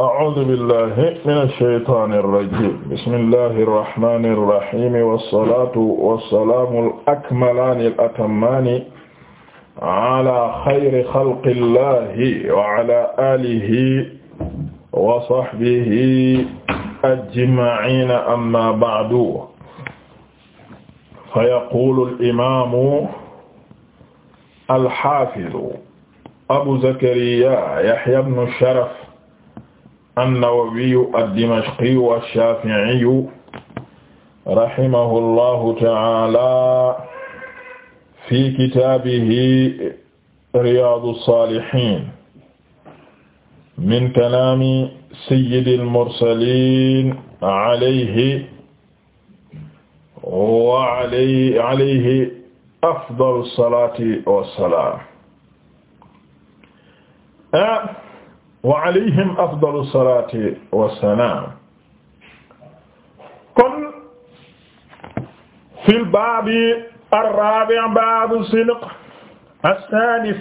أعوذ بالله من الشيطان الرجيم بسم الله الرحمن الرحيم والصلاة والسلام الأكملان الأتمان على خير خلق الله وعلى آله وصحبه أجمعين أما بعد فيقول الإمام الحافظ أبو زكريا يحيى بن الشرف an-Nawawiyu ad-Dimashqiyu ash-Shafi'iyu rahimahullahu ta'ala fi kitaabihi Riyaadu s-Saalihiin min kalaami sayyidil mursaliin alayhi wa alayhi afdalu salaati wa salaam ah, wa alayhim afdalu salaati wassalaam kon fil baabi arraabi' baabu sidq as-saadis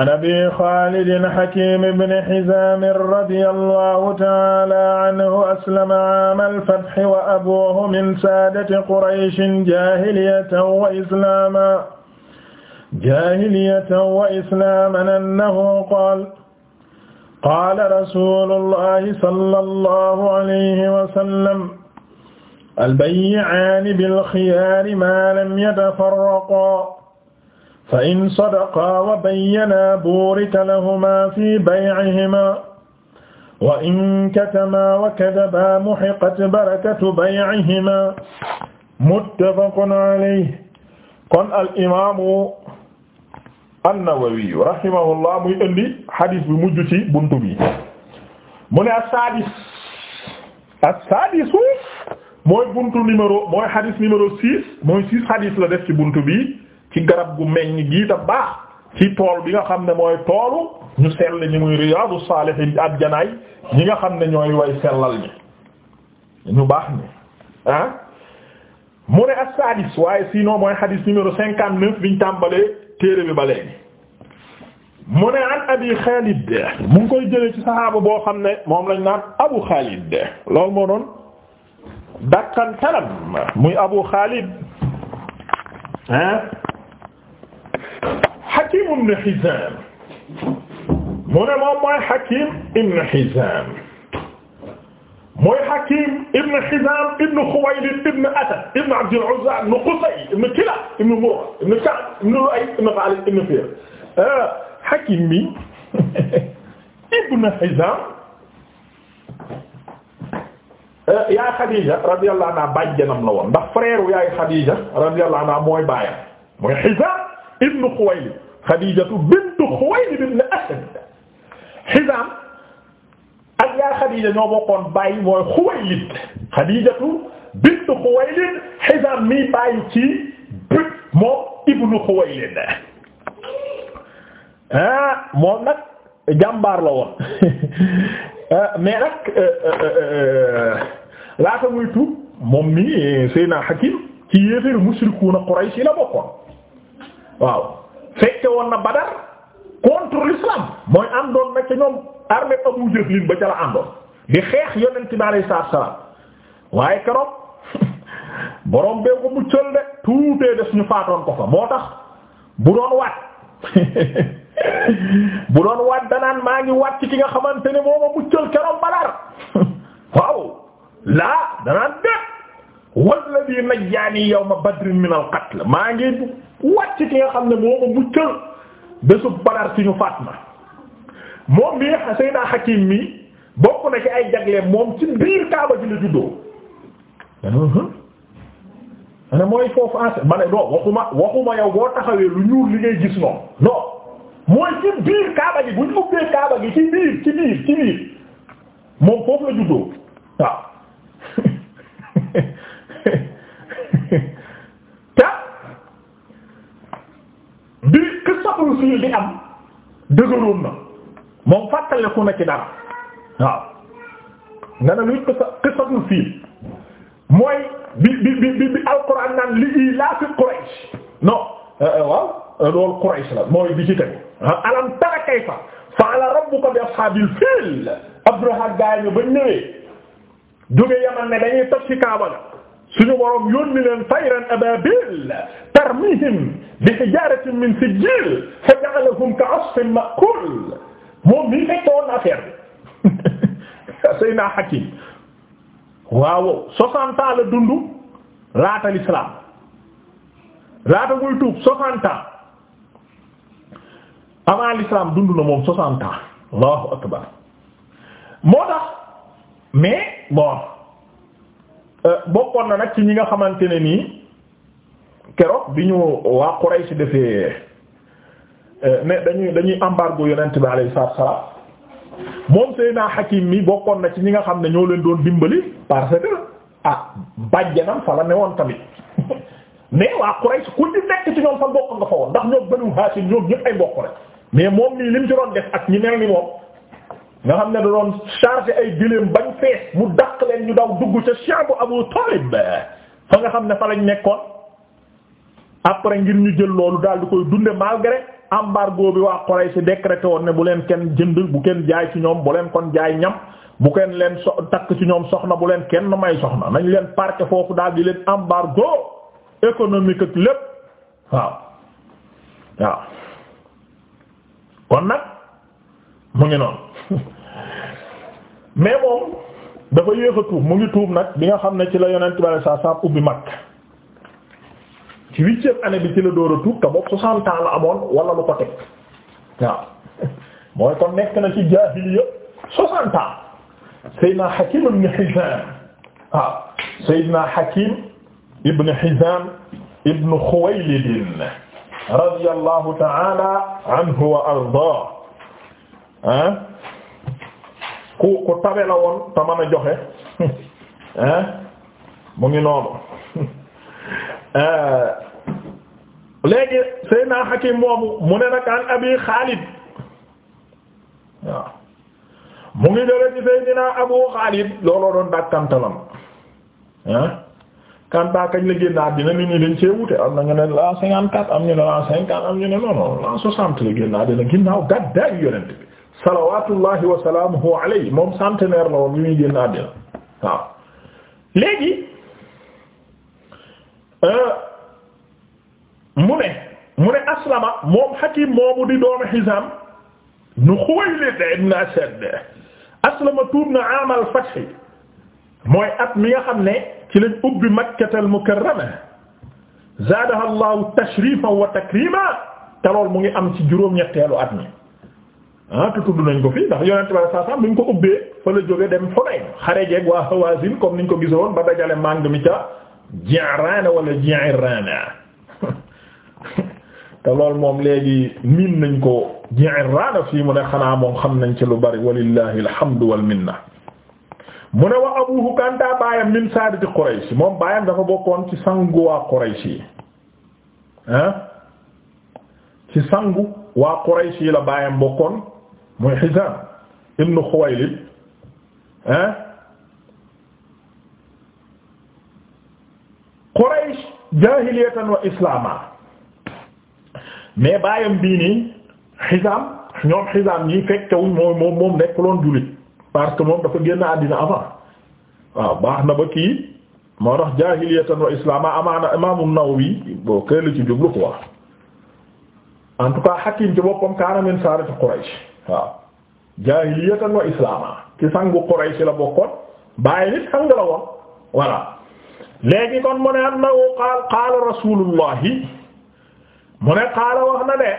an abii xaalidin hakiim ibn hizaam radiyallaahu ta'aalaa anhu aslama aamal fathi wa abuuhu min saadati qurayshin jaahiliyatan wa islaaman jaahiliyatan wa islaaman annahu qaala qaala rasulullahi sallallahu alayhi wa sallam albayyi'aani bilxiyaari maa lam yatafarraqaa fa in sadaqaa wa bayyanaa buurika lahumaa fii bay'ihimaa wa in katamaa wa kadabaa muhiqat barakatu bay'ihimaa muttafaqun alayhi kon al imaamu an-Nawawi rahimahullah muy indi hadis bi mujj ci buntu bi mu ne as-sadis as-sadisu mooy buntu numéro mooy hadis numéro six mooy six hadis la def ci bunt bi ci garab gu meññ gii da baax ci tool bi nga xam ne mooy toolu ñu sell ñi muy Riyadu Salihin ajjanaay ñi nga xam ne ñooy way sellal ñi ñu baax ñi ah mu ne as-sadis waaye sinon mooy hadis numéro cinquante neuf biñ tàmbalee. téere bi ba léegi mu ne an abi Xaalid mu ngi koy jëlee ci saxaaba boo xam ne moom lañ naan Abu Xaalid loolu moo doon dakkantalam muy Abu Xaalid ah Hakim ibn Hizam mu ne moom mooy Hakim ibn Hizam mooy Hakim ibn Hizam ibn Khuwaylid ibn Asad ibn Abd al-Uzza ibn Qusay ibn Kilab ibn Murra ibn Ka'b ibn Lu'ay ibn Ghalib ibn Fihir eh, Hakim bi ibn Hizam eh, yaay Khadija radiyallahu anha bàjjanam la woon ndax frère yaay Khadija radiyallahu anha mooy baayam mooy Hizam ibn Khuwaylid Khadija bint Khuwaylid ibn Asad Hizam ak yaa Xadiija ñoo bokkoon bàyyi mooy Xuwaylid Xadiijatu bint Xuwaylid Hizaam mi bàyyi ci bët moom ibnu Xuwaylid ah moom nag jàmbaar la woon ah, mais nag euh, euh, euh, laata muy tuub moom mi Seydina Hakim ci yéeféer la bokkoon waaw fekke woon na contre l'islam mooy àndoon na ca ñoom armée Abu Jahl ba ca la àndoon di xeex yonent bi alayhi salaam waaye keroog boroom bee ko muccal de tuutee des ñu faatoon ko fa moo tax bu doon waat bu doon waat danaan maa ngi waat ci ki nga xamante ne moo ma muccal keroog Badar waaw laa danaan def walladhi najjaani yawma badrin min al maa ngi waat ci ki nga xam ne moo ma muccal bésu Badar ci ñu faat na moom mii Seydina Hakim mi bokk na ci ay jagleem moom ci biir Kaaba ji la juddoo ma mooy foofu en ma ne non waxuma waxuma yow boo taxawee lu ñuul li ngay gis noonu non mooy ci biir Kaaba gi bu ñu ubbee Kaaba gi ci biir ci biir ci biir moom foofu la juddoo waaw xissatul fiil di am dëgëroon na moom fàttaleku na ci dara waaw nga ne luy xissa xissatul fiil mooy bi bi bi bi alquran naan li ilaa fi Quraysh non euh, euh, waaw euh, loolu Quraysh la mooy bi ci tegu ah, alam tara kayfa fa'ala rabbuka bi ashaabil fiil Abraha gaay ñu ba ñëwee jóge Yaman ne dañuy toj ci Kaaba suñu borom yónni leen tayran ababil tarmihim bi hijaratin min sijil fa ja'alahum ka'asfin ma'kul moom mii fekk woon affaire bi Seydina Hakim waaw soixante ans la dund laata l'islam laata muy tuub soixante ans avant l'islam dund na moom soixante ans Allahu akbar moo tax mais bon Euh, bokkoon na nag ci ñi nga xamante ne nii keroog bi ñu waa Quraysh defee euh, ne dañuy dañuy embargo yonent bi alayhi salaatu wa salaam moom Seydina Hakim mi bokkoon na ci ñi nga xam ne ñoo leen doon dimbali parce que ah bàjjanam fa la ne woon tamit mais waa Quraysh ku di nekk ci ñoom fa mbokk nga fa woon ndax ñoom Banu Hashim ñoom ñëpp ay bokk rek mais moom nii li mu ci def ak ñi mel ni moom. nga xam ne da doon chargé ay gëléem bañ fees mu dàq leen ñu daw dugg ca shaabu Abu Talib fa nga xam ne fa lañ nekkoon après ngir ñu jël loolu daal di koy dunde malgré embargo bi waa Quraysh décrété woon ne bu leen kenn jënd bu kenn jaay ci ñoom bu leen kon jaay ñam bu kenn leen so takk ci ñoom soxna bu leen kenn may soxna nañ leen parqué foofu daal di leen embargo économique ak lépp waaw waaw kon nag mu ngi noonu. mais moom dafa yéex a tuub mu ngi tuub nag bi nga xam ne ci la yonent bi saa saa bi Makka ci huitième année bi ci la door a tuub te boobu soixante la amoon wala lu ko teg waaw mooy kon nekk na ci jaahiliya soixante ans Seydina Hakim ibn Hizam waaw Seydina Hakim ibn Hizam ibn Khuwaylid radiyallahu ta'ala anhu wa ardaah ku ku tabe la woon tama mën joxe hein eh? mu ngi noonu eh, léegi naa Hakim moomu mu ne nag an Abi Xaalid waaw mu ngi jële ci Seydina Abu Xaalid looloo doon dàkkantalam hein eh? kanta kañ la génn àddina nit ñi dañ cee wute am na ñu ne la cinquante-quatre am ñu ne la cinquante am ñu ne non non la soixante la génn àddina ginnaaw gàddaay yonent salawaatullahi wa salaamuhu alayhi moom centenaire la woon bi muy génn àddina waaw léegi euh, mu ne mu ne aslama moom Hakim moomu di doomu Hizaam nu Xuwaylid ibn Asad aslama tuub na aamal fath mooy at mi nga xam ne ci lañ ubbi Makkatal Mukarrama zaadaha Allahu tashrifan wa takriman te lool mu ngi am ci juróom-ñetteelu at mi ah te tudd nañ ko fii ndax yonent bi saa saa ko ubbee fa la jóge dem Hunayn xare jeeg waa Hawazin comme niñ ko gisoon ba dajale màng mi ca Ji'rana wala Ji'rana te loolu moom léegi miin nañ ko Ji'rana fii mu ne xanaa moom xam nañ ci lu bari walillahi alhamdu wal minna mu ne wa abuhu kanta baayam min saadati Quraysh moom baayam dafa bokkoon ci sangu waa Quraysh yi ah? ci sangu waa Quraysh la baayam bokkoon. mooy Hizaam ibnu Xuwaylid ah Quraysh jaahiliyatan wa islaama mais baayam bii nii Hizaam ñoom Hizaam ñi fekkewuñ moom moom moom nekkuloon jullit parce moom dafa génn àddina avant baax na ba kii moo tax jaahiliyatan wa islaama amaana imaamu Nawawi boo këy ci jublu ko wax en tout cas Hakim kaana min saarati Quraysh waaw jaahiliyatan wa islaama ci sangu Quraysh la bokkoon bàyyi nit sang la woon voilà léegi kon mu ne annahu qaal qaala rasulullahi mu ne qaala wax na ne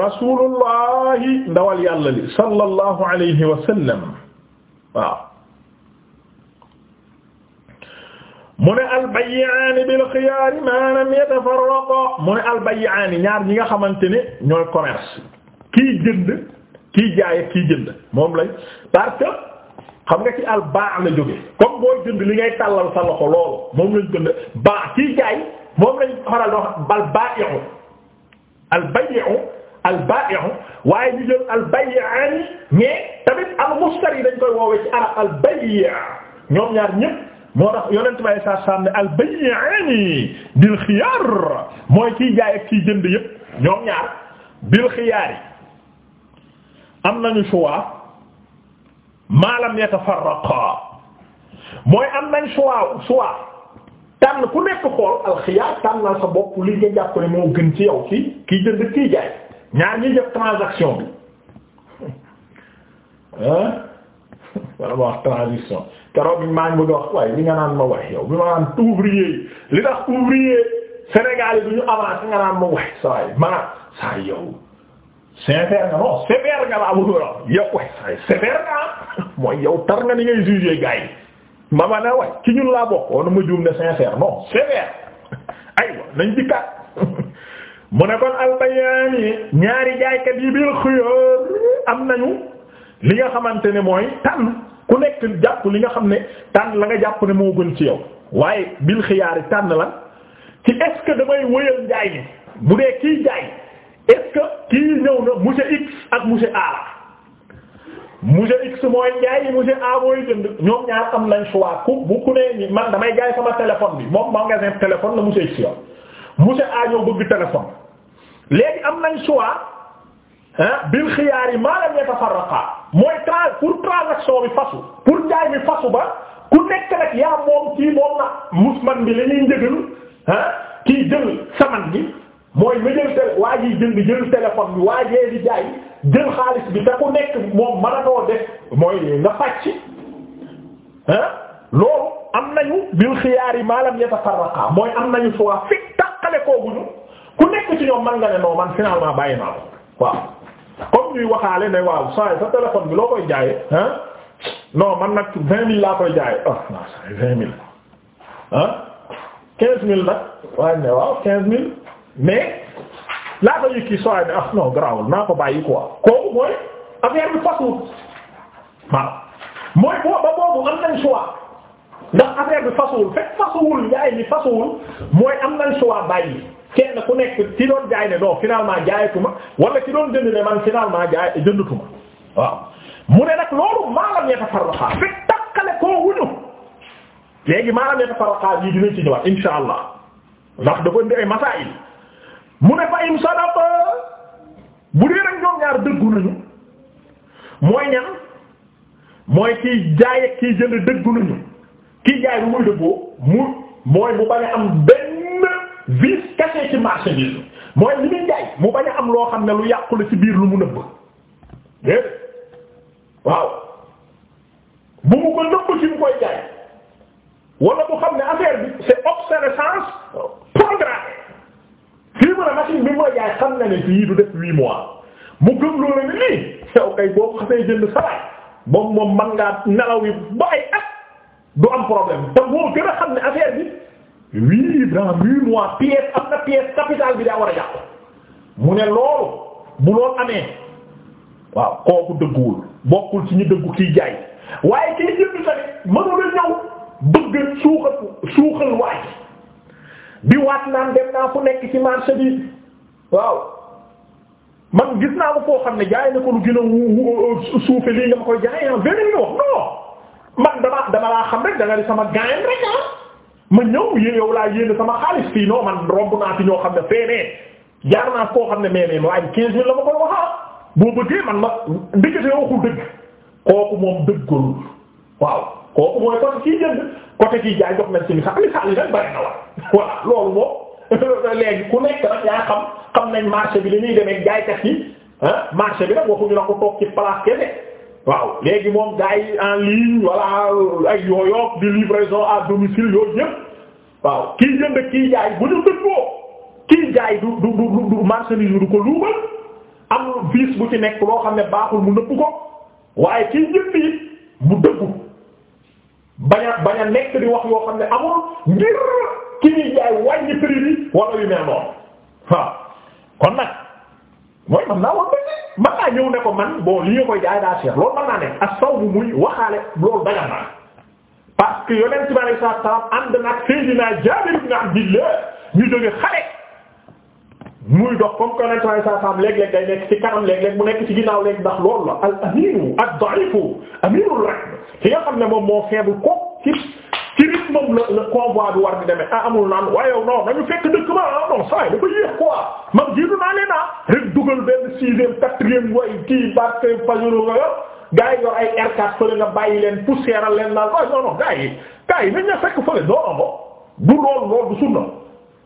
rasulullahi ndawal yàlla li sallallahu alayhi wa sallam waaw mu ne albayiaani bilxiyaari maanaam yatafarraqa mu ne albayiaani ñaar ñi nga xamante ne ñooy commerce kii jënd kii jaay ak kii jënd moom lañ parce que xam nga ci al baax la jóge comme booy jënd li ngay tàllal sa loxo loolu moom lañ jënd baax kii jaay moom lañ xaral di wax al baa'i'u al bayyi'u al baa'i'u waaye ñu jël al bayyi'aani mais tamit al mustari dañ koy woowee ci arab al bayyi' ñoom ñaar ñépp moo tax yonent bi saa saa ne al bayyi'aani bil xiyaar mooy kii jaay ak kii jënd yépp ñoom ñaar bil xiyaar am nañu choix maalam yatafarraqa mooy am nañ choix choix tànn ku nekk xool alxiyaar tànnal sa bopp li nga gën ci yow ci kiy jënd kiy jaay ñaar ñuy def transaction bi ah wala ma wax transition bi maa bëgg a wax waaye li nga naan ma wax yow bi ma naan ouvrier yi li tax ouvrier nga naan ma wax saa yi maanaam saa yow. sévère nga non sévère nga laa bëgg a yow waay waay sévère nga mooy yow tar nga ni ngay jugé ma ma ne waay ci ñun laa bokk woon ma juum ne sincère non sévère aywa nañ ci mu ne kon albayaan yi ñaari jaaykat yi bil xiyar am nañu li nga xamante ne mooy tànn ku nekk jàpp li nga xam ne tànn la nga jàpp ne moo gën ci yow waaye bil xiyaari tànn la ci est ce que damay wëyal njaay bu dee kii jaay. est-ce que kii ñëw na monsieur X ak monsieur A monsieur X mooy jaay monsieur A mooy jënd ñoom ñaar am nañ choix ku bu ku man damay jaay sama téléphone bi moom magasin téléphone la monsieur X yow monsieur A ñëw bëgg téléphone léegi am nañ choix ah bil xiyaar yi maa lam yatafarraqa mooy tra pour transaction bi fasu pour jaay bi fasu ba ku nekk nag yaa moom kii moom na musman bi la ñuy njëgal ah kii jël saman bi mooy ma jël télé waa ji jënd jël téléphone bi waa jee di jaay jël xaalis bi te ku nekk moom mën a doo def mooy nga pàcc ah loolu am nañu bil xiyaar yi maalam yatafarraqa mooy am nañu choix fi tàqale kooguñu ku nekk ci ñoom man nga ne non man finalement bàyyi naa ko waaw comme ñuy waxaale ne waaw saa sa téléphone bi loo koy jaayee ah non man nag vingt mille laa koy jaayee ah oh, non ça vingt mille ah quinze mille nag waaye ne waaw mais laata ki kii sooy ne ah non garaawul naa ko bàyyi quoi kooku mooy affaire bi fasul waaw mooy booba boobu am nañ choix ndax affaire bi fasuwul fekk fasuwul jaay ni fasuwul mooy am nañ choix bàyyi kenn ku nekk ci doon jaay ne non finalement jaayatuma wala ci doon jënd ne man finalement jaay jëndatuma waaw mu ne nag loolu maalam yatafarraqa fekk takkale koo wuñu léegi maalam yatafarraqa yi dinañ ci ñëwaat insha allah ndax dafa indi masaa'il mu ne fa im sadaq bu dee nag ñoom ñaar dëggu nañu mooy ñan mooy kiy jaay kiy jënd dëggu nañu kiy jaay bu muy dëggoo mu mooy mu bañ am benn vice caché ci marché bi mooy li muy jaay mu bañ a am loo xam ne lu yàqula ci biir lu mu nëbb déet waaw bu mu ko nëbb ci mu koy jaay wala bu xam ne affaire bi c'est obsolescence programmée machine bi mooy jaay xam na ne fii du def huit mois mu gëm loo leen nii yow kay boo xasee jënd sawaay moom moom man ngaa nelaw yi ba ay du am problème te boo gën a xam ne affaire bi huit dans huit mois pièce am na pièce capitale bi daa war a jàpp mu ne loolu bu loolu amee waaw kooku dëgguwul bokkul ci ñu dëggu kiy jaay waaye kiy jënd tamit mënula ñëw bëgg suuxal suuxal waaj di waat naan dem naa fu nekk ci marché bi waaw man gis naa ko foo xam ne jaay na ko lu gën a suufe lii nga ma koy jaay ah beneen nga wax non man dama dama laa xam rek da di sama gaayam rek ah ma ñëw yé yow laa yéene sama xaalis fii non man romb naa fi ñoo xam ne feenee jaar naa koo xam ne mais mais waaye quinze mille la ma ko waxaa ah. boo bëggee man ma ndekete waxul dëgg kooku moom dëggul waaw kooku mooy kon kii jënd côté kii jaay jox nañ ci misaal misaal yi nag bari na war voilà loolu moom léegi ku nekk nag yaa xam nañ marché bi dañuy demee jaaykat yi ah marché bi nag waxuñu la ko toog ci place waaw léegi moom gars en ligne wala ay yooyoog di waaw kii jënd kii jaay bu kii jaay du du du du marchandise ko luubal am vice bu ci nekk loo xam ne baaxul mu nëpp ko waaye kii jënd mu dëggu. bañ a nekk di wax yoo xam ne amul ngir ki ñuy jaay wàññi prix bi wala yu mel noonu waaw kon nag mooy man naa wax dëgg man naa ñëw ne ko man bon li nga koy jaay daa cher loolu man naa ne ak saw bu muy waxaale loolu dagan na parce que yonent bi sallallahu alayhi wasallam ànd nag Seydina Jaabir ibn Abdillah ñu jóge xare muy dox comme que nekk saa saam léeg-léeg day nekk ci kanam léeg-léeg mu nekk ci ginnaaw léeg ndax loolu la al aminu ad-da'ifu aminul rek ki nga xam ne moom moo faible ko ci ci moom la la convoi bi war di demee ah amul naan waaye yow non nañu fekk dëkk ba ah non saa yi dafa yéex quoi man jiitu naa leen ah rek dugal benn sixième quatrième way kii barke fajaru nga yor gars yi ay R4 fële nga bàyyi leen poussière leen naan waaye ah non non gars yi gars yi nañ la bu loolu loolu du sunna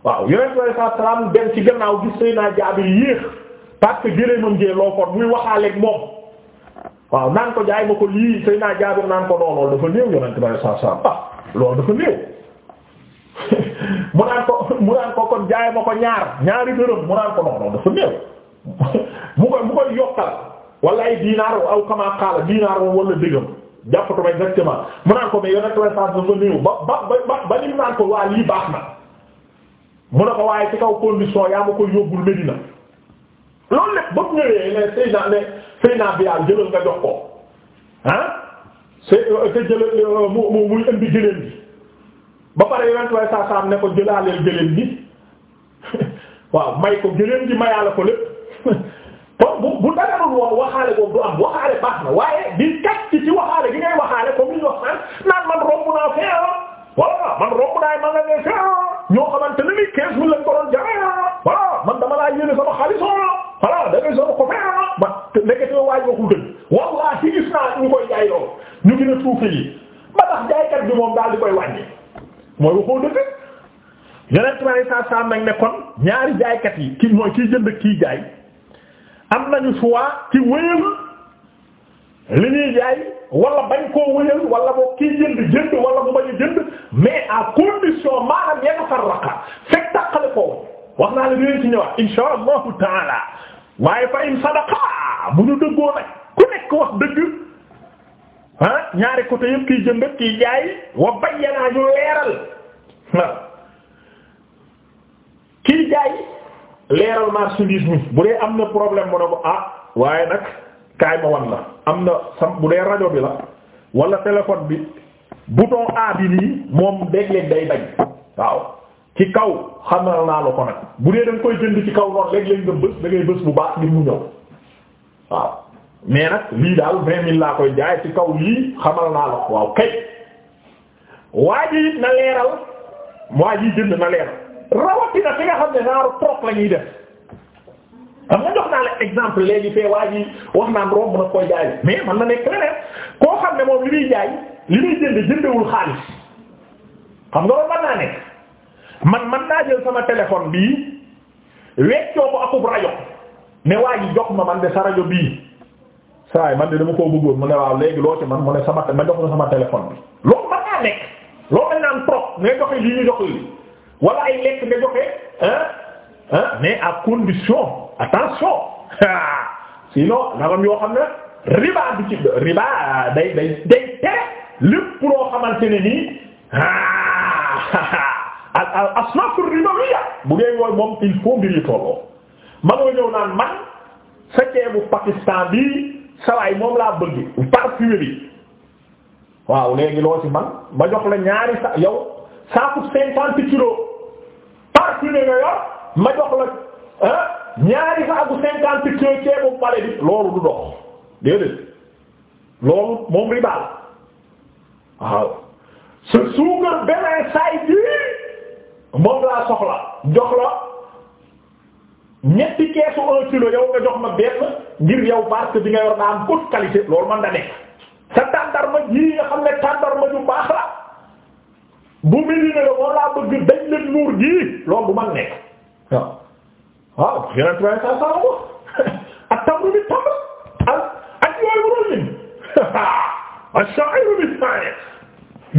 waaw yonent bi alayhi salaam dem ci gannaaw gis naa Jaabir yéex parce que gëléemam jee loo ko muy waxaaleeg moom waaw naan ko jaay ma ko lii Seydina Jaabir naan ko noonu loolu dafa néew yonent bi salaam ah loolu dafa néew mu naan ko mu naan ko kon jaay ma ko ñaar ñaari dërëm mu naan ko noonu loolu dafa néew mu koy mu koy yokkal wala ay dinaar aw kamaa qaala dinaar wala dëggam jàppatuma exactement mu naan ko mais yonent dafa néew ba ba baax na. mu ne ko waaye ci kaw condition yaa ma koy yóbbul Medina loolu lépp ba mu ñëwee ne Seyna ne Seyna Bilaal jëlal nga jox ko ah se te jëlal mu muy indi gëléem bi ba pare yonent way saa saam ne ko jëlaaleel gëléem bi waaw may ko gëléem bi mayaala ko lépp kon bu bu dagarul woon waxaale boobu am waxaale baax na waaye di kàcc ci waxaale gi ngay waxaale comme li ñu wax naan man romb ah. voilà man romb naay ma nga ne si ñoo xamante ne nii 15000 lañ ko doon jaayee voilà man dama laa yéene sama xaalis voilà da ngay soog ko fexe ba te nekkati waa ñu waxul dëgg wallaahi gis naa ñu koy jaay lool ñu gën a suufee yi ba tax jaaykat bi moom daal di koy wàññi mooy waxoo dëgg yeneen tubaab yi saa saa nañ ne kon ñaari jaaykat yi ki mooy kiy jënd kiy jaay am nañu choix ci wéyal. li ñuy jaay wala bañ koo wëyal wala boo kii jënd jënd wala bu bañ a jënd mais à condition maanaam yatafarraqa fekk tàqale ko wax naa la dinañ ci ñëwaat insha allahu taala waaye fa in sadaqa bu ñu dëggoo nag ku nekk wax dëgg ah ñaari côté yëpp kiy jënd kiy jaay wa bayyana ñu leeral waaw kiy jaay leeral marchandise mi bu dee am na problème mu ne ko ah waaye nag. kaay ma wan la am na sam bu dee rajo bi la wala téléphone bi bouton A bi nii moom léeg-léeg day daj waaw ci kaw xamal naa la ko nag bu dee da koy jënd ci kaw noonu léeg-léeg nga bës da bës bu baax ngir mu ñëw waaw mais nag lii daal vingt mille laa koy jaay ci kaw lii xamal naa la ko waaw kay waa ji it na leeral waa ji jënd na leeral rawatina fi nga xam ne naaru trop la ñuy am nga jox naa la exemple léegi fee waa ji wax naan romb na koy jaay mais man na nekk leneen koo xam ne moom li muy jaay li muy jënd jëndewul xaalis xam nga loolu mën naa nekk man man naa jël sama téléphone bi weccoo ko akub rajo ne ma man de rajo bii saa man de dama koo bëggoon mu ne waaw léegi loo ci man mu ne sama ma jox la sama téléphone bi loolu mën naa nekk loolu dañ naan trop ngay joxe lii ñu joxe lii wala ay lekk nga joxe ah. mais à condition attention sinon dafa am yoo xam ne riba du ci riba day day day tere lépp loo xamante ne nii al al asnaafu ribawiya bu dee yooyu moom il faut mbir yi tolloo ma nga ñëw naan man sa ceebu Pakistan bi sawaay moom laa bëgg parfumé bi waaw léegi loo ci man ma jox la ñaari sa yow saaku cinquante kilos parfumé nga yor ma jox la ah ñaari saaku cinquante kilos ceebu pale bi loolu du dox déedéet loolu moom riba la waaw sa suukar beneen saay bii moom laa soxla jox la ñetti keesu un kilo yow nga jox ma benn ngir yow barke bi nga yor naa am haute qualité loolu man da nekk sa tàndarma yii nga xam ne tàndarma ju baax la bu mel ni ne laa bëgg dañ leen nuur ji loolu bu man nekk. waaw waaw yeneen trois cent cent wax ak tamru bi tamr ak ak yooyu waroon lim ash-sha'iru bis-sa'ir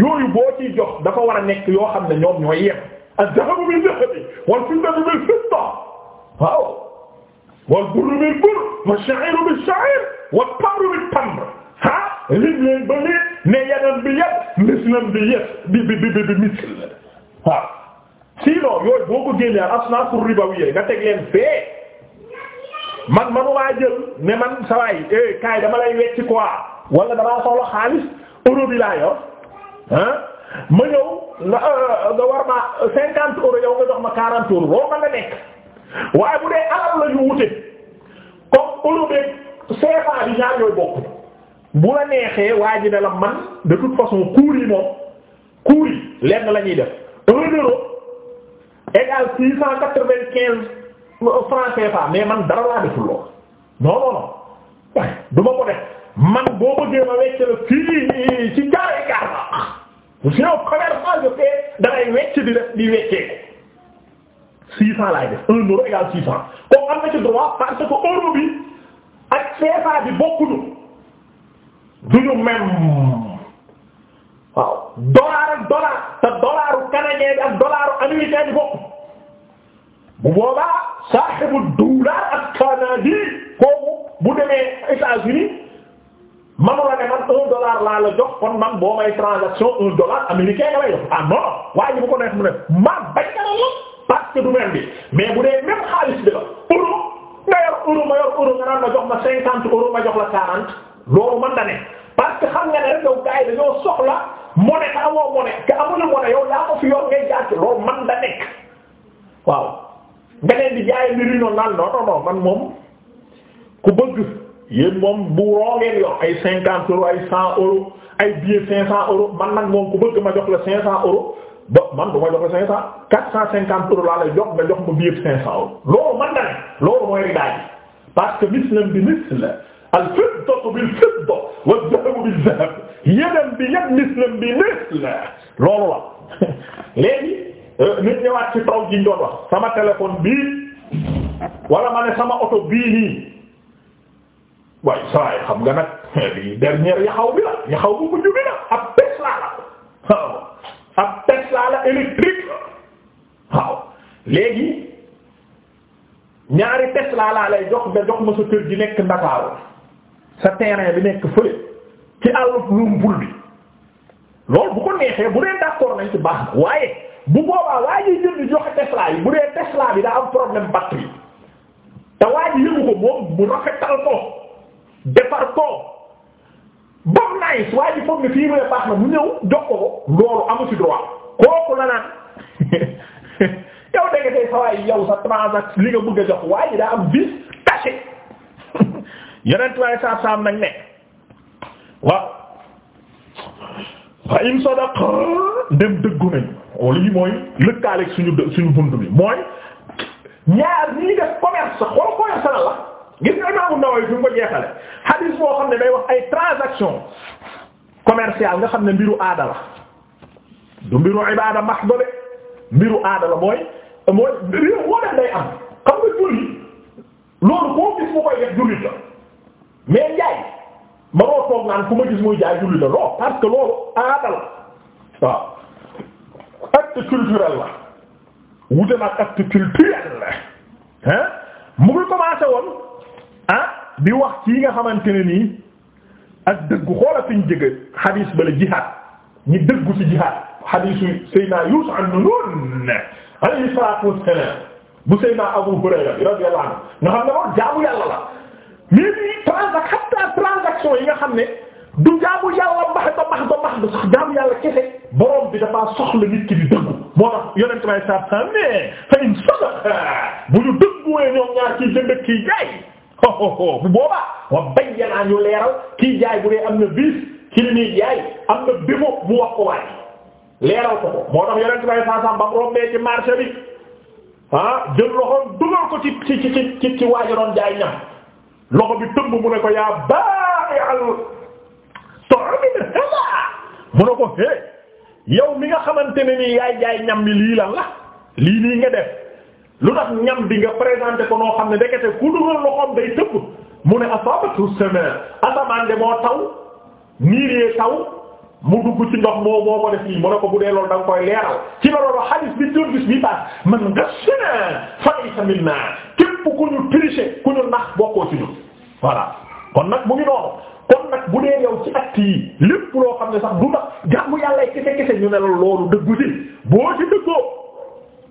yooyu boo ciy jox dafa war a nekk yoo xam ne ñoom ñooy yem az-zahabu bil-zahabi wal-fiddatu bil-fidda waaw wal-burru bil-burr wash-sha'iru bis-sha'ir wat-tamru bit-tamr ah lim leen ba lim ne yadan bi yad mislan bi yad bi bi bi bi misl waaw. sinon yooyu boo ko a asnaafu ribawiyya nga teg leen fee man manumaa jël ne man sawaay eh kaay dama lay wecci quoi wala damaa soxla xaalis euro bi laa yor ah ma ñëw nga eh, war ma cinquante euros yow ma quarante euros loolu man la nekk waaye bu dee alal la ñu wute comme euro bi CFA bi ñaar yooyu bokk bu la neexee waa ji ne la man de toute façon cours yi moom cours yi lenn la ñuy def égal six cent quatre-vingt-quinze francs man dara laa deful lool non non du ma ko def man boo bëggee ma wecc la fii ci gaar la si yow première fois je fais dangay wecc di def di weccee six cent laay def ci droit parce que euro bi ak CFA bi bokkuñu duñu même waaw dollar ak dollar te dollaru canadien bi ak dollaru américain bi bokk bu boobaa saaxibu dollar ak canadi kooku bu demee États-Unis manu la ne man un dollar laa la jox kon man boo may transaction dollar américain nga lay jox ah waaye ji bu ko neex ma bañ a la parce que du mel bi mais bu dee même xaalis bi la euro nga euro nga naan ma jox ma cinquante euro ma jox la quarante loolu man da ne xam nga ne rek yow gars yi dañoo soxla. mone la amoo mone ka amul mone yow yaa ko fi yor ngay loolu man da nekk waaw beneen bi jaay mbir yi noonu naan non man moom ku bëgg yéen moom bu roogeen yor ay cinquante euros ay cent euros ay billets cinq cent euros man nag moom ku bëgg ma jox la cinq cent euros ba man du ma jox la cent quatre cent cinquante euros jox nga jox loolu man da nekk loolu mooy ridaay parce que mislan bi misl al fiddatu bil fidda wad dhahabu bil dhahab yéen bi yéen mislam bi misl loolu la léegi nit euh, ñëwaat ci taw ji doon wax sama téléphone bi wala ma ne sama oto bii nii waaye saa yi xam nga nag lii dernière yaxaw bi la yaxaw bu mujj bi la ab Tesla la waaw ab Tesla la électrique waaw léegi ñaari Tesla laa lay jox nga jox ma sa kër gi nekk Ndakaaru sa terrain bi nekk fële. ci àll lumpul bi loolu buko ko neexee bu dee d'accord nañ ci baax na waaye bu boobaa waa ji jënd joxe Tesla yi bu dee Tesla bi daa am problème batterie te waa ji yëngu ko moom bu rafetal ko defar ko bam nice waa ji foog ne fii mooy baax na mu ñëw jox ko ko loolu amu ci droit kooku la naan yow dégg tey sawaay yow sa transact li nga bëgg a jox waa ji daa am bis taché yeneen tubaab yi saa saa am ne. waaw fa in sadaqa dem dëggu nañu lii mooy lëkkaaleeg suñu suñu bunt bi mooy ñaar ñii def commerce sax wala commerce la la gis nga Imam An-Nawawi fi mu ko jeexale hadith xam ne day wax ay transaction commerciale nga xam ne mbiru aada la du mbiru aada la mooy mooy réew woo day am xam nga julli loolu boo gis mu koy def jullit la mais njaay manoo toog naan ku ma gis muy jaay julli la non parce que loolu aada la waaw acte culturel la wute na ak acte culturel hein mu ngi commencé woon ah di wax ci nga xamante ne nii ak dëggu xoola fiñ jëge xadiis bala jihaad ñi dëggu ci jihaad xadiisu Seydina Yuusuf an Nuun alayhi salaatu wassalaam bu Seydina Abu Hurayra radiyallahu anhu nga xam ne moom jaamu yàlla mais bii transac xatta transaction yi nga xam ne du jaamu yàlla max ba max ba max ba sax jaamu yàlla kese borom bi dafa soxla nit ki di dëggu moo tax yonent may saa saa ne fa in sabara bu ñu dëgguwee kii jënd ak jaay bu boobaa wa bayyana ñu leeral kii jaay bu dee am na biis ci li jaay am na défaut mu wax ko waay leeral ko moo tax yonent may saa saa ba mu rombee ci marché bi ah jël dugal ko ci ci ci ci ci jaay ñam. loxo bi tëmb mu ne ko yaa baax al tomin hela mu ne ko hee yow mi nga xamante ne nii yaay jaay ñam bi lii la la lii nii nga def lu tax ñam bi nga présenté ko noo xam ne ndekete ku dugal loxoom day tëmb mu ne asaabatu sama asamaan de moo taw niir yee taw mu dugg ci ndox moo moo ko def nii mu ne ko bu dee loolu da nga koy leeral ci la loolu hadith bi tur bis bi paas man ghashina fa laysa minna képp ku ñu tricher ku ñu nax bokkoo ci ñun voilà kon nag mu ngi noonu kon nag bu dee yow ci actes yi lépp loo xam ne sax du ndax jàmm yàlla kese kese ñu ne la loolu dëggu ci boo ci dëggoo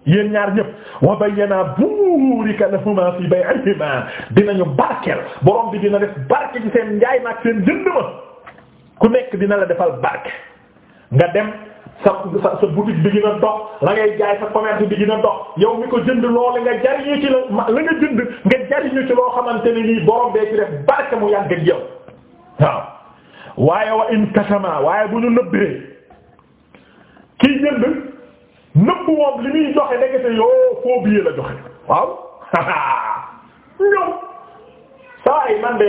yéen ñaar ñëpp wa ma buurika lahuma fi bay'ihima dinañu barkeel borom bi dina def barke ci seen njaay maak seen jënd ku nekk dina la defal barke nga dem sa sa boutique bi dina dox la ngay jaay sa commerce bi dina dox yow mi ko jënd loolu nga jariñu ci la nga jënd nga jariñu ci loo xamante ni nii borom bee ci def barke mu yàgg ak yow waaw waaye wa in waaye bu ñu nëbbee kiy jënd nëbb woom li muy joxe ndekete yoo foo biyee la joxe waaw ñëw saa yi man de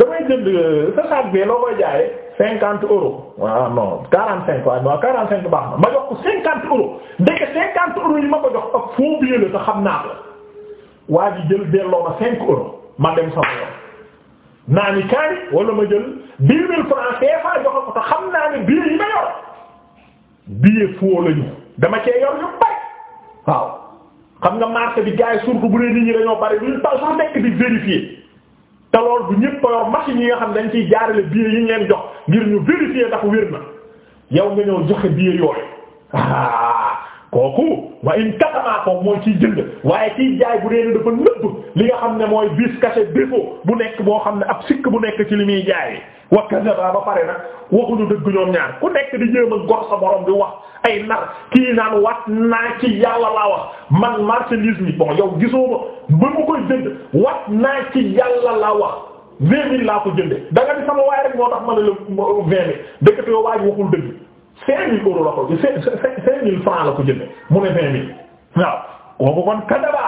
damay jënd sa saag bee loo koy jaayee cinquante euros ah, waaw non quarante cinq waaye non quarante cinq baax na ma jox ko cinquante euros ndeke cinquante euros yi ma ko jox ak foo biir la te xam naa ko waa ji jël delloo ma cinq euros ma dem sama yoon naa ni kaay wala ma jël dix mille francs CFA jox ko te xam naa ne biir yi ma yor biir foo lañu dama cee yor yu bari waaw xam nga marché bi gars yi surtout bu dee nit ñi dañoo bari duñu tax su nekk di te lool bu ñëpp yor machine yi nga xam dañ ciy jaarale billet yi ñu leen jox ngir ñu vérifier ndax wér na yow nga ñëw joxe billet yooyu ah kooku wa in katamaa kooku mooy ciy jënd waaye ciy jaay bu dee dafa nëbb li nga xam ne mooy vice caché défaut bu nekk boo xam ne ab sikk bu nekk ci li muy jaay wax kazaba ba pare nag waxuñu dëgg ñoom ñaar ku nekk di ñëw a gox sa borom di wax. ay nar kii naan wat naa ci yàlla laa wax man marchandise mi bon yow gisoo ma ba ma koy jënd wat naa ci yàlla laa wax vingt mille laa ko jënde da di sama waay rek moo tax ma la ko cinq mille francs la ko jënde mu ne vingt mille waaw kooku kon kadaba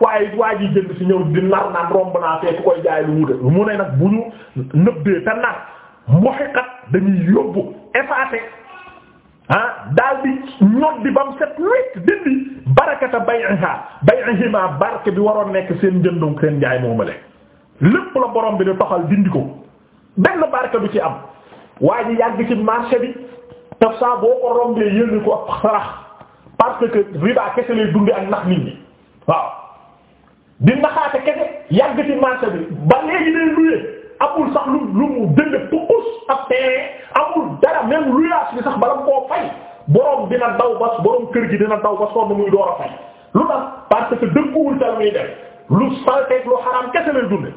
waaye waa jënd si ñëw di nar naan romb naa fee koy jaay lu mu ne nag bu ñu nëbbee te nar mboqi kat dañuy yóbbu effacé. ah daal di ñoom di ba mu set wécc dindi barakata bay'iha bay'ihima barke bi waroon nekk seen jëndum seen jaay moomale lépp la borom bi di toxal dindi ko benn barke du ci am waa ji yàgg ci marché bi taf saa boo ko rombee yëngu ko ak sarax parce que riba kese lay dundee ak nax nit ñi waaw di naxaate kese yàgg ci marché bi ba léegi day luyee. amul sax lu lu mu jënd pukus ak tee amul dara même luyaas bi sax bala mu koo fay borom dina daw bas borom kër gi dina daw bas soo muy door a fay lu tax parce que dëkkuwul tal muy def lu salteeg lu xaraam kese lay dunde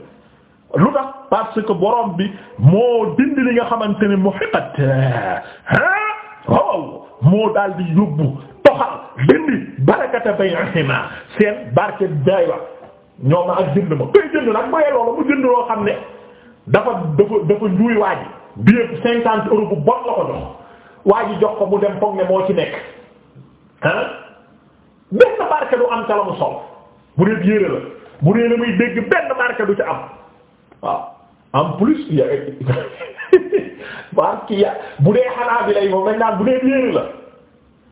lu tax parce que borom bi moo dindi li nga xamante ne muhiqat ah waaw moo daal di yóbbu toxal dindi barakata bay'ihima seen barke jaay wa ñoom ak jënd ma koy jënd nag mooy loolu mu jënd loo xam ne. dafa dafa dafa njuuy waa ji billet cinquante euros bu bon la ko jox waa jox ko mu dem foog ne moo ci nekk ah benn barke du am ca la mu sol bu dee yére la bu dee la dégg benn barke du am waaw ya barke bu dee xanaa bi lay moom dañ naan bu dee yére la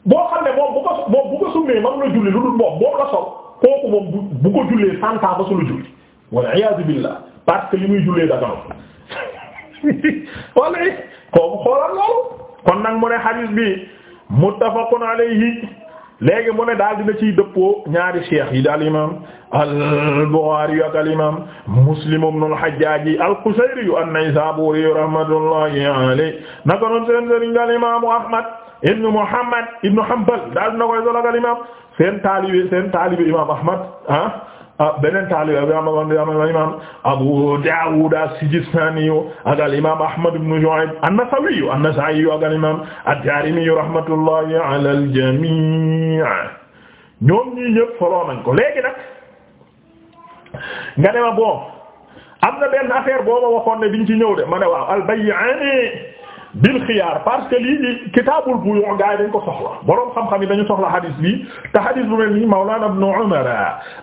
boo xam ne moom bu ko moom bu ko summee moom la julli lu dul moom moom la sol kooku moom bu jullee santaa ba su la julli wal iyaazu billah parce que li muy jullee daganul walla kooku xoolal loolu kon nag mu ne bi muttafaqun alayhi léegi mu daal dina ciy dëppoo ñaari cheikh yi daal imam al-Bukhari ak al imam Muslim ibn al-Hajjaj al-Qushayri yu an-Naysaburi rahmatullahi alayhi naka noonu seen imam Ahmad ibn Muhammad ibn Hanbal daal dina koy solo ak al imam seen taalibe seen taalibe imam Ahmad ah, Ah, beneen taalibe bi imaam Abu Daawud as-Sijistaani ak al imaam Ahmad ibn Shu'ayb an-Nasawi an-Nasaa'i ak al imaam ad-Daarimi rahmatullahi ala al-jamii' ñoom ñii ñëpp soloo nañ ko léegi nag nga ne ma bon am na benn affaire boo ma waxoon ne biñ ci ñëw de ma ne waaw al-bayyi'aani bil xiyaar parce que lii di kitaabul buyuu gaa yi dañ ko soxla boroom xam-xam yi dañu soxla hadith bi te hadith bu mel nii Mawlana Ibn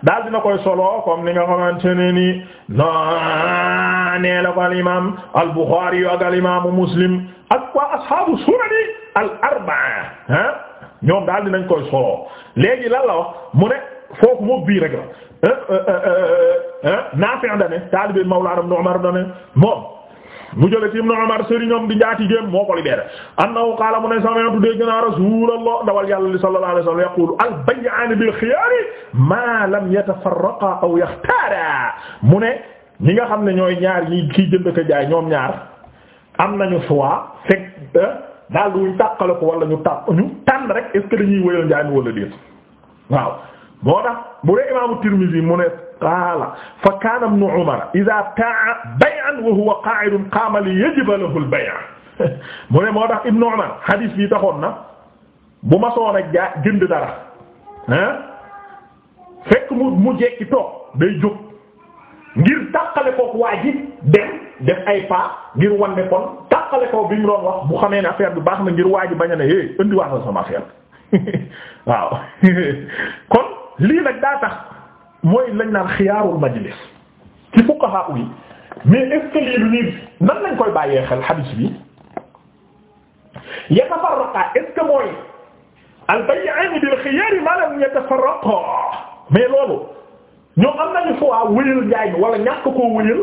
daal dina koy solo comme ni nga xamante ne nii noonee la ko al imaam al Buxaari yu ak al imaamu Muslim ak waa ashaabu sunani al arba'a daal dinañ solo léegi lan mu ne foofu moom bii rek la euh, euh, euh, Naafi' dane taalibe Mawlana Ibn Umar dane moom mu jële ci Ibn Umar sëriñam di njaati géem moo ko libéré annahu qaala mu ne sami'tu dégg naa Rasulullah dawal yàlla li sallallahu alayhi wa sallam yaqulu al-bay'an bil khiyar ma lam yatafarraqa aw yakhtara mu ne ñi nga xam ne ñooy ñaar ñi kiy jënd ko jaay ñoom ñaar am nañu choix fekk euh, daal duñ tàqale ko wala ñu tàq ñu tànn rek est ce que dañuy wéyal njaay mi wala déet waaw moo tax bu dee imaamu Tirmidhi mu ne qaala fa kaana ibnu umar iza taa'a bay'an wa huwa qaa'idun qaama li yajiba lahu al-bay'a mu ne moo tax ibnu umar hadis bi taxoon na bu ma soon a jaa jënd dara ah fekk mu mu jekki toog day jóg ngir tàqale kook waa ji dem def ay pas ngir wan ne kon tàqale ko bi mu doon wax bu xamee ne affaire bi baax na ngir waa ji bañ a ne é indi wax la sama affaire waaw kon lii nag daa tax mooy lañ naan xiyaarul majlis ci fuqaha yi mais est-ce que lii du nii nan lañ koy bàyyee xel hadith bi yatafarraqa est-ce que mooy al bay'ani bil xiyaar ma lam yatafarraqa mais loolu ñoom am nañu fu waa wëyal njaay mi wala ñàkk koo wëyal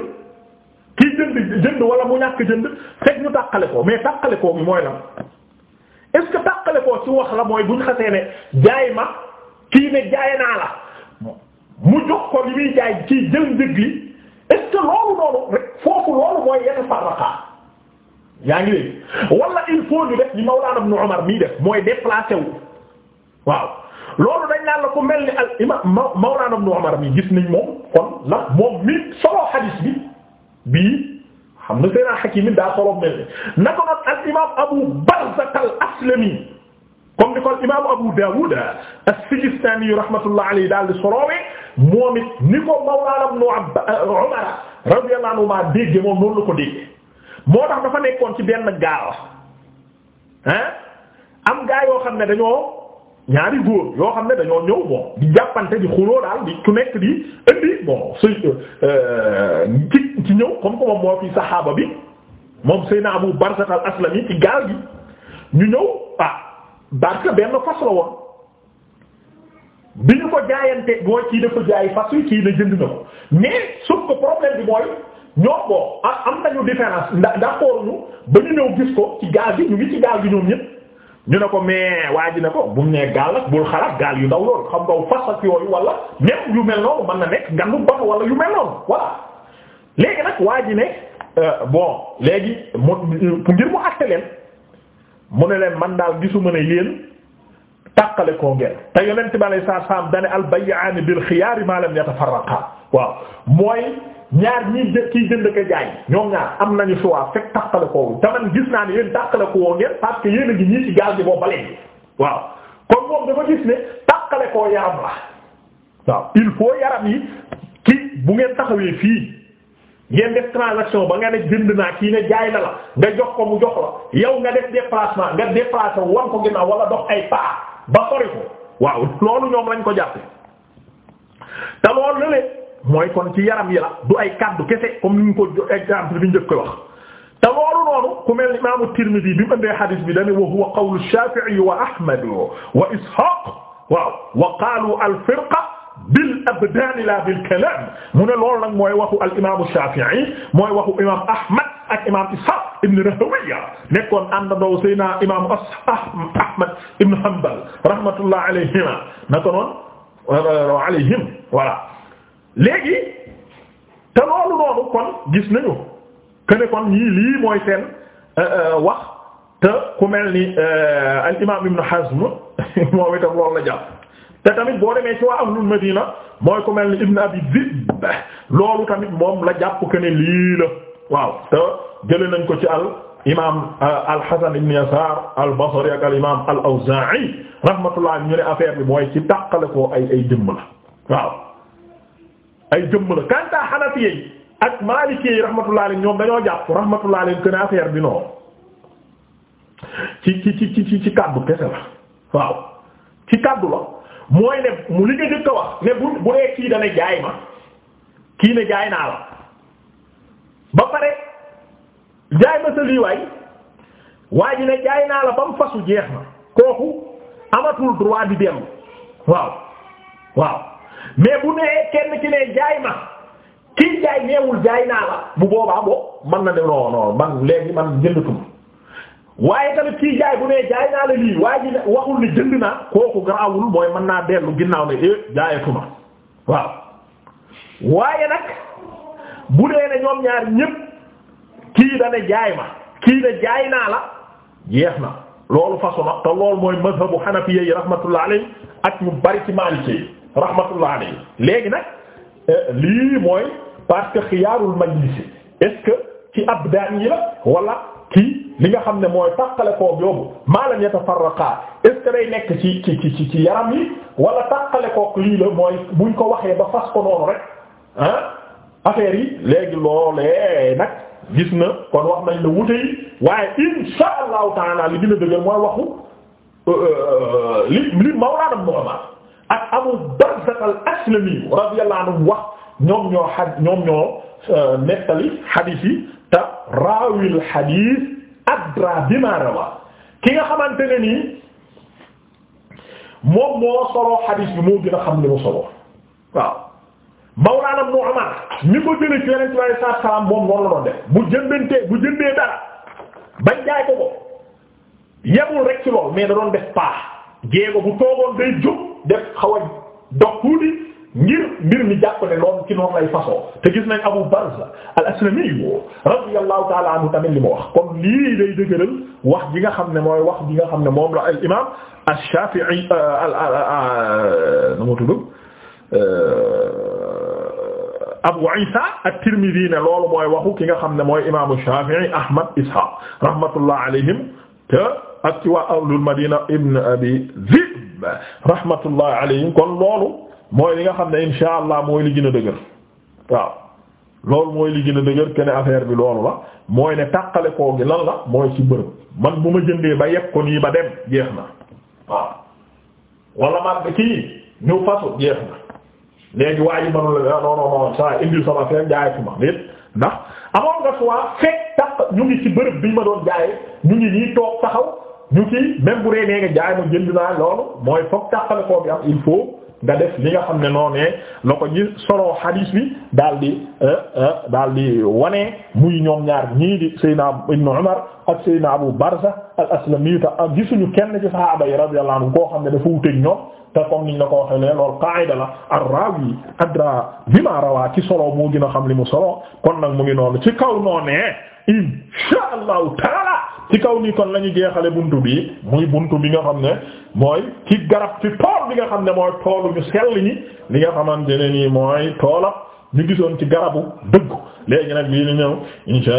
kii jënd jënd wala mu ñàkk jënd fekk ñu tàqale ko mais tàqale ko bi mooy lan est-ce que tàqale ko ci wax la mooy buñ xasee jaay ma kii ne jaay naa mu jox ko li muy jaay ci jël njëg li est-ce loolu noonu foofu loolu mooy yenn farraka yaa ngi léegi wala il faut ñu def li Mawlana Ibn Umar def mooy déplacé wu waaw loolu dañ naan la ku mel ni al imam Mawlana Ibn Umar mii gis nañ moom kon la moom mii solo hadis bi bii xam na seenaa Hakim daa solo mel ni naka al imam Abu Barzak al Aslami comme ni ko imaamu Abu Dawud as-Sijistani rahmatullah daal di sorowe moom it ni ko Mawlaana Ibnu Umar radiyallahu anhuma dégg moom noonu la ko dégg moo tax dafa nekkoon ci benn gaal ah am gaa yoo xam ne dañoo ñaari góor yoo xam ne dañoo ñëw bon di jàppante di xuloo daal di ku nekk di indi bon su euh, euh, ci ci ñëw comme que moom moo fi saxaaba bi moom Seydina Abu Barzata al-Aslami ci gaal gi ñu ñëw ah, barke benn fas la woon bi ñu ko jaayante mooy kii dafa jaay fas yu kii na jënd na ko mais sauf que problème bi mooy ñoo ko am nañu différence ndax d'accord ñu ba ñu ñëw gis ko ci gaal gi ñu ngi ci gaal gi ñoom ñëpp ñu ne ko mais waa ji ne ko bu mu nee gaal ak bul xalaat gaal yu ndaw loolu xam nga fas ak yooyu wala même yu mel noonu mën na nekk nganu ban wala yu mel noonu voilà léegi nag waa ji ne euh, bon léegi mu ngir mu àtte leen mu ne leen man daal gisuma ne yéen tàqale koo ngeen te yonent bi alay saa saam dane al bay'ani bil xiyaari ma lam yatafarraqa waaw mooy ñaar ñi jë kiy jënd ko jaay ñoom ñaar am nañu choix fekk tàqale koo te man gis naa ne yéen tàqale koo ngeen parce que yéen ñii ci gaal gi boo ba léegi waaw kon moom dafa gis ne tàqale koo yaram la waaw il faut yaram yi ki bu ngeen taxawee fii. ngeen def transaction ba nga ne jënd kii ne jaay la nga jox ko mu jox la yow nga def déplacement nga déplacé wan ko ginnaaw wala dox ay pas ba sori ko waaw loolu ñoom lañ ko jàppe te loolu la mooy kon ci yaram yi la du ay kaddu kese comme ni ñu ko exemple bi njëkk koy wax te loolu noonu ku mel imaamu Tirmidhi bi mu ëndee xadiis bi dane wa huwa qawlu Shaafi'i wa Ahmad wa Ishaaq waaw wa qaalu al-firqa bil abdaan la bil kalaam mu ne loolu nag mooy wax al imaamu Shaafi'i mooy waxu imaam Ahmad ak imaam Ishaq ibn Rahawayh nekkoon àndandoo Seydina imaam ah-, Ahmad ibn Hanbal rahmatullah alayhima naka noonu alayhim voilà léegi te loolu noonu kon gis nañu que ne kon ñii lii mooy seen euh, euh, wax te ku mel ni euh, al imaam Ibn Hazm moo itam loolu la jàpp. te tamit boo demee ci waa ahlul madina mooy ku mel ni ibn abi loolu tamit moom la jàpp que ne lii la waaw te jële nañ ko ci al imam euh, al hasan ibn yasar al basri ak al imam al awza'i rahmatullah ñu affaire bi mooy ci tàqale koo ay ay jëmm la waaw ay jëmm yi ak maliki yi rahmatullah alayhi ñoom dañoo jàpp rahmatullah alayhi que ne affaire bi noonu ci ci ci ci ci kàddu kese la waaw ci kàddu la mooy ne mu li nga jëkk wax ne bu bu dee kii dana jaay ma kii ne jaay naa la ba pare jaay ma sa liiwaay waa ji ne jaay naa la ba mu fasu jeex na kooku amatul droit di dem waaw waaw mais bu nee kenn ki ne jaay ma kii jaay neewul jaay naa la bu boobaa boo man na ne non non man léegi man jëndatum waaye tamit kii jaay bu nee jaay naa la lii waa ji waxul ni jënd naa kooku garaawul mooy mën naa dellu ginnaaw ne eh jaayatuma waaw waaye nag bu dee ne ñoom ñaar ñépp kii da ne jaay ma kii ne jaay naa la jeex na loolu façon na te loolu mooy mazhabu hanafiyya yi rahmatullah alayhi ak ñu bari ci maliki yi rahmatullah alayhi léegi nag eh, lii mooy parce que xiyaarul majlis est-ce que ci abdaan yi la wala. kii li nga xam ne mooy tàqale koo yóbbu maa lam yatafarraqa est-ce day nekk ci ci ci ci yaram yi wala tàqale kook lii la mooy buñ ko waxee ba fas ko noonu rek ah affaire yi léegi loolee nag na kon wax nañ la wute waaye insha allahu taala li gën a dëgër mooy waxu euh, euh, li li mawlaana Muhammad ak Abu Barzah al-Aslami radiyallahu anhu wax ñoom ñoo xa ñoom ñoo euh, nettali hadith yi te raawil xadiis adra bima rawa ki nga xamante ne nii moom moo soloo xadiis bi moo gën a xam li mu soloo waaw mawlaana Ibnu Umar ñi ko jëlee ci Yonent bi sallallahu alayhi wa moom noonu la def bu jëndante bu jëndee dara bañ jaay ko ko yemul rek ci lool mais da doon def paax jéego bu toogoon day jóg def xaw a dox tuuti ngir mbir mi jàpp ne loolu ci noonu lay te gis nañ Abu Barza al-Aslami radiyallahu ta'ala anhu tamit wax kon lii day dëgëral wax ji nga xam ne mooy wax ji nga xam ne moom la al imam ash-Shafi'i euh, nu mu euh, Abu Isa at-Tirmidhi ne loolu mooy waxu ki nga xam ne mooy imaamu Shafi'i Ahmad Ishaq rahmatullah alayhim te ak ci waa ahlul mooy li nga xam ne insha allah mooy li gën a dëgër waaw loolu mooy li gën a dëgër kenn affaire bi loolu la mooy ne tàqale koo gi lan la mooy ci bërëb man bu ma jëndee ba yeb ko nii ba dem jeex na waaw wala man kii ñu fasu jeex na léegi waaye yi manu la non non non ça indil sama affaire jaayatuma nit ndax amoon nga soit fekk taq ñu ngi ci bërëb bi ma doon jaaye ñu ngi nii toog taxaw ñu kii même nee nga jaay ma jënd naa loolu mooy foog tàqale nga def li nga xam ne noonee la ko ñi solo hadis bi daal di eh, eh, daal di wane muy ñoom ñaar ñii di Seydina Ibn Umar ak Seydina Abu Barza al-Aslami ta ak gisuñu kenn ci sahaaba yi radiyallahu anhu koo xam ne dafa wuteek ñoom te comme niñ la ko waxee ne loolu qaayida la ar-raawi adra bima rawaa ci solo moo gën a xam li mu solo kon nag mu ngi noonu ci kaw noonee insha allahu taala ci kaw nii kon lañu ñu jeexale buntu bi muy buntu bi nga xam ne mooy ci garab ci tool bi nga xam ne mooy toolu ñu sell ñi li nga xamante ne nii mooy toolam ñu gisoon ci garabu dëgg léegi nag lii ni ñëw insha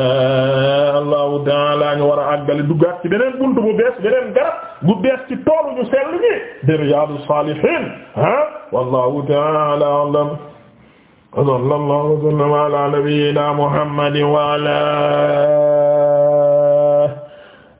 allahu taala ñu war a àggale duggaat ci beneen buntu bu bees beneen garab bu bees ci toolu ñu sell ñi di riyaadu saalihiin ah wallahu taala alam wa sallallahu wa sallama ala nabiyyina muhammadin